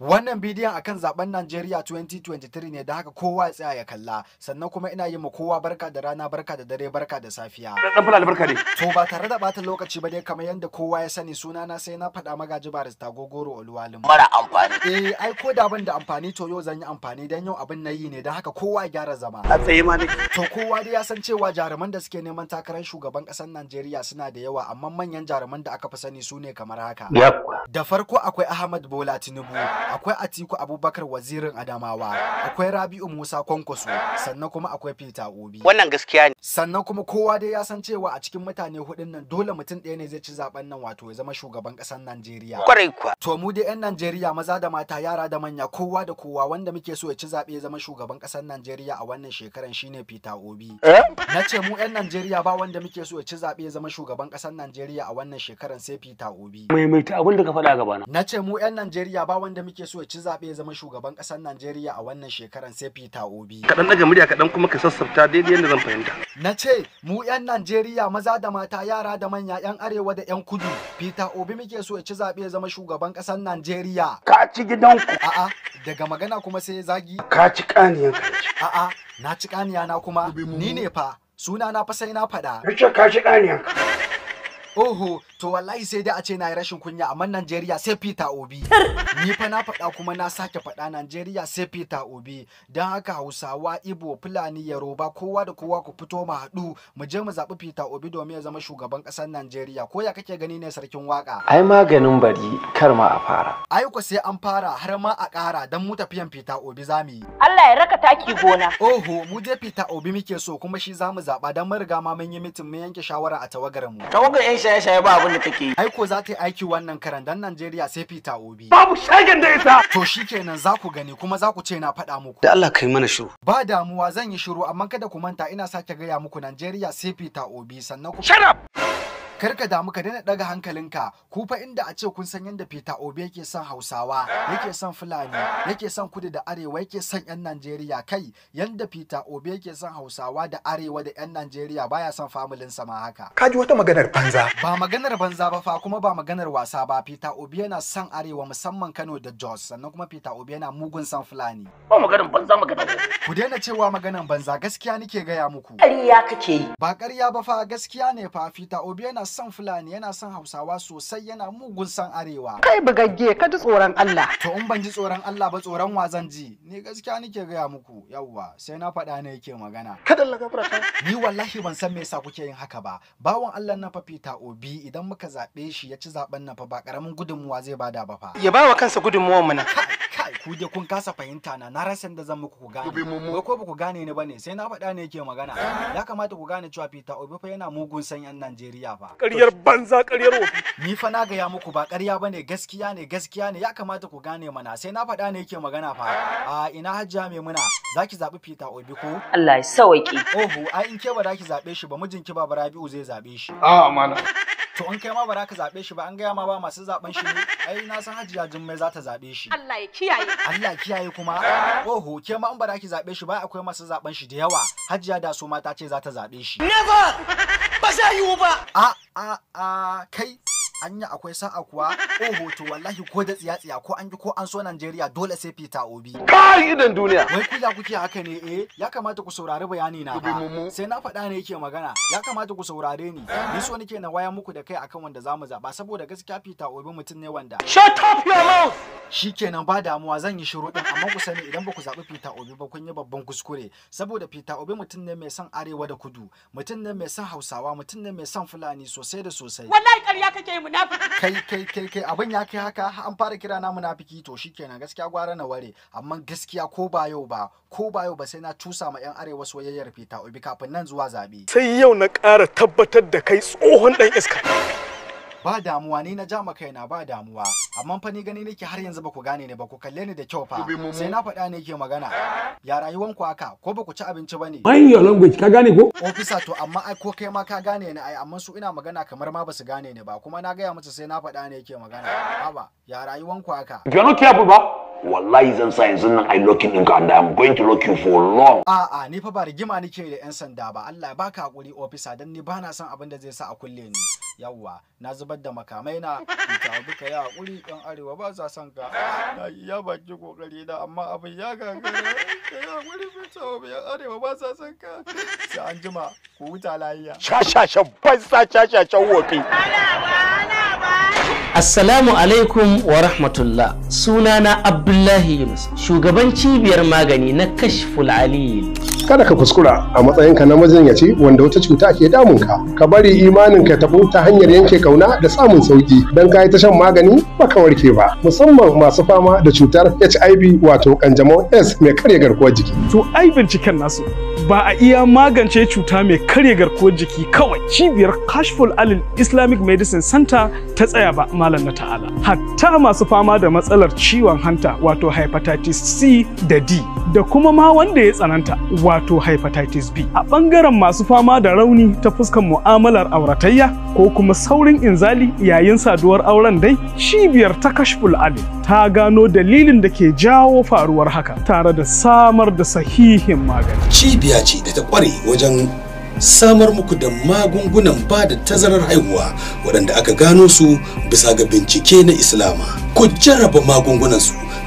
Wannan bidiyon akan zaɓen Najeriya 2023 ne da haka kowa tsaya ya kalla sannan kuma ina yi ma kowa barka da rana barka da dare barka da safiya. To ba tare da bata lokaci ba dai kamar yadda kowa ya sani suna na sai na faɗa magaji barista gogoro oluwalim. Mara amfani. Eh ai ko da ban da amfani to yau zan yi amfani dan yau abin yi ne da haka kowa ya gyara zama. A tsaye ma ne. To kowa dai ya san cewa jaruman da suke neman takarar shugaban ƙasar Najeriya suna da yawa amma manyan jaruman da aka fi sani su ne kamar haka. Da farko akwai Ahmad Bola Tinubu. akwai Atiku Abubakar wazirin Adamawa, akwai Rabi'u Musa Kwankwaso, sannan kuma akwai Peter Obi. Wannan gaskiya ne. Sannan kuma kowa dai ya san cewa a cikin mutane hudun nan dole mutum ɗaya ne zai ci zaben nan wato ya zama shugaban ƙasar Najeriya. Kwarai kuwa. To mu dai 'yan Najeriya maza da mata yara da manya kowa da kowa wanda muke so ya ci zaɓe ya zama shugaban ƙasar Najeriya a wannan shekaran shine Peter Obi. Eh? Na ce mu 'yan Najeriya ba wanda muke so ya ci zaɓe ya zama shugaban ƙasar Najeriya a wannan shekaran sai Peter Obi. Maimaita abin da ka faɗa gabana. Na ce mu 'yan Najeriya ba wanda muke yake so ya ci zaɓe ya zama shugaban ƙasar Najeriya a wannan shekaran sai Fita Obi. Kaɗan daga murya kaɗan kuma ka sassafta daidai yadda zan fahimta. Na ce mu 'yan Najeriya maza da mata yara da manya 'yan arewa da 'yan kudu Peter Obi muke so ya ci zaɓe ya zama shugaban ƙasar Najeriya. Ka ci gidanku. A'a daga magana kuma sai zagi. Ka ci ƙaniyan A'a na ci kaniya na kuma ni ne fa suna na fa sai na faɗa. Ka ci ƙaniyan Oho, to wallahi sai dai a ce na yi rashin kunya amma Najeriya sai Peter Obi. Ni fa na faɗa kuma na sake faɗa Najeriya sai Peter Obi. Don haka Hausawa, Ibo, Fulani, Yaroba, kowa da kowa ku fito mu haɗu mu je mu zaɓi Peter Obi domin ya zama shugaban ƙasar Najeriya. Ko ya kake gani ne sarkin waka? Ai maganin bari kar ma a fara. Ai ku sai an fara har ma a ƙara don mu tafiyan Peter Obi za mu yi. Allah ya raka taki gona. Oho, mu je Peter Obi muke so kuma shi za mu zaɓa don mun riga ma mun yi mitin mun yanke shawara a tawagar mu. Tawagar 'yan shaye-shaye ba abin da take yi. Aiko za ta yi aiki wannan karan dan Najeriya sai fita obi. Babu shagen da ita. To shikenan za ku gani kuma za ku ce na faɗa muku. Da Allah kai mana shiru. Ba damuwa zan yi shiru amma kada ku manta ina sake gaya muku Najeriya sai fita obi sannan ku. Shut up! karka damu ka daina daga hankalinka ku fa inda a ce kun san yadda Peter Obi yake son Hausawa yake son Fulani yake son Kudu da Arewa yake son yan Najeriya kai yanda Peter Obi yake son Hausawa da Arewa da yan Najeriya baya son familin sa ma haka ka ji wata maganar banza ba maganar banza ba fa kuma ba maganar wasa ba Peter Obi yana son Arewa musamman Kano da Jos sannan kuma Peter Obi yana mugun son Fulani ba maganar banza maganar ku daina cewa maganar banza gaskiya nake gaya muku ƙarya kake ba ƙarya ba fa gaskiya ne fa Peter Obi yana son Fulani yana son Hausawa sosai yana mugun san Arewa. Kai bugagge ka ji tsoron Allah. To in ban ji tsoron Allah ba tsoron wa zan ji ni gaskiya nake gaya muku yawwa sai na faɗa ne yake magana. Kada laga Ni wallahi ban san me yasa kuke yin haka ba. bawon Allah na fa Peter Obi idan muka zaɓe shi ya ci zaben na fa ba karamin gudunmuwa zai bada ba fa. Ya bawa kansa gudunmuwan mu na. ku je kun kasa fahimta na na rasan da zan muku gane ba, ko ba ku gane ni bane sai na faɗa ne yake magana ya kamata ku gane cewa Peter Obi fa yana mugun san yan Najeriya fa ƙaryar banza ƙaryar wofi ni fa na gaya muku ba ƙarya bane gaskiya ne gaskiya ne ya kamata ku gane mana sai na faɗa ne yake magana fa a ina hajja mai muna zaki zabi Peter Obi ko Allah ya sauki oho ai in ke ba zaki zabe shi ba mijinki ba Rabi'u zai zabe shi a amana to in kai ma ba ka zaɓe shi ba an gaya ma ba masu zaɓen shi ne ai na san hajiya jummai za ta zaɓe shi Allah ya kiyaye Allah ya kiyaye kuma oho ke ma in ba ki zaɓe shi ba akwai masu zaɓen shi da yawa hajiya da su mata ce za ta zaɓe shi never ba za yiwu ba Ah, R R K anya akwai sa'a kuwa ko oh, hoto wallahi ko da tsiya tsiya ko an ko an so Najeriya dole sai fita obi kai idan duniya wai kuya kuke haka ne eh ya kamata ku saurari bayani na sai na faɗa ne yake magana ya kamata ku saurare ni ni so nake na waya muku da kai akan wanda zamu zaba saboda gaskiya fita obi mutum ne wanda shut up your mouth shikenan ba damuwa zan yi shiru din amma ku sani idan ba ku zabi fita obi ba kun yi babban kuskure saboda fita obi mutum ne mai son arewa da kudu mutum ne mai son hausawa mutum ne mai son fulani sosai da sosai wallahi ƙarya kake yi kai kai kai kai abin ya kai haka an fara kira na munafiki to shikenan gaskiya gwara na ware amma gaskiya ko ba yau ba ko ba yau ba sai na tusa ma yan arewa soyayyar fita obi kafin nan zuwa zabe sai yau na ƙara tabbatar da kai tsohon dan iska ba damuwa ni na ja ma kaina ba damuwa amma fa ni gani nake har yanzu ba ku gane ni ba ku kalle ni da kyau fa sai na faɗa ne ke magana ya rayuwan ku haka ko ba ku ci abinci bane ban your language ka gane ko officer to amma ai ko kai ma ka gane ni ai amma su ina magana kamar ma basu gane ni ba kuma na gaya musu sai na faɗa ne ke magana haba ya rayuwan ku haka you are not careful ba wallahi zan sa yanzu nan ai locking din ka and I'm going to lock you for long a a ni fa ba rigima nake da yan sanda ba Allah ya baka hakuri officer dan ni bana son abin da zai sa a kulle ni yawwa na zubar da makamai na ta duka ya hakuri dan arewa ba sa son ka na ya baki kokari da amma abin ya gangare ya hakuri fito yan arewa ba sa son ka sai an jima ku huta lafiya sha sha sha ba sa sha sha sha wofi Assalamu alaikum wa rahmatullah sunana Abdullahi Yunus shugaban cibiyar magani na Kashful Alil. Kada ka kuskura a matsayinka na majinyaci wanda wata cuta ke damunka. Ka ka bari imanin ka tabo ta hanyar yanke kauna da samun sauki don ka yi ta shan magani ba ka warke ba. Musamman masu fama da cutar HIV wato kanjamau S mai karya garkuwar jiki. To ai binciken nasu ba a iya magance cuta mai karya garkuwar jiki kawai cibiyar kashful alil islamic medicine center ta tsaya ba malam na ta'ala hatta masu fama da matsalar ciwon hanta wato hepatitis c da d da kuma ma wanda ya tsananta wato hepatitis B. A ɓangaren masu fama da rauni ta fuskan mu'amalar auratayya ko kuma saurin inzali yayin saduwar auren dai cibiyar ta kashful ali ta gano dalilin da ke jawo faruwar haka tare da samar da sahihin magani. Cibiya ce da ta ƙware wajen samar muku da magungunan ba da tazarar haihuwa waɗanda aka gano su bisa ga bincike na islama ku jarraba magungunan su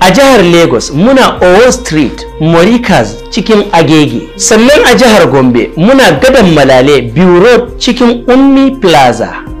a jihar lagos muna owo street morikas cikin agege sannan a jihar gombe muna gadon malale road cikin ummi plaza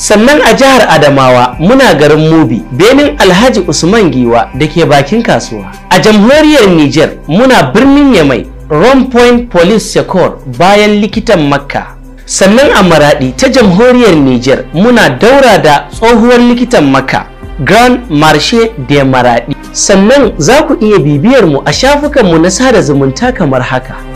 sannan a jihar adamawa muna garin mubi benin alhaji usman giwa da ke bakin kasuwa a jamhuriyar niger muna birnin yamai point police secor bayan likitan makka sannan a maradi ta jamhuriyar niger muna daura da tsohuwar likitan makka grand marche de maradi sannan za ku iya bibiyar mu a shafukanmu na sada zumunta kamar haka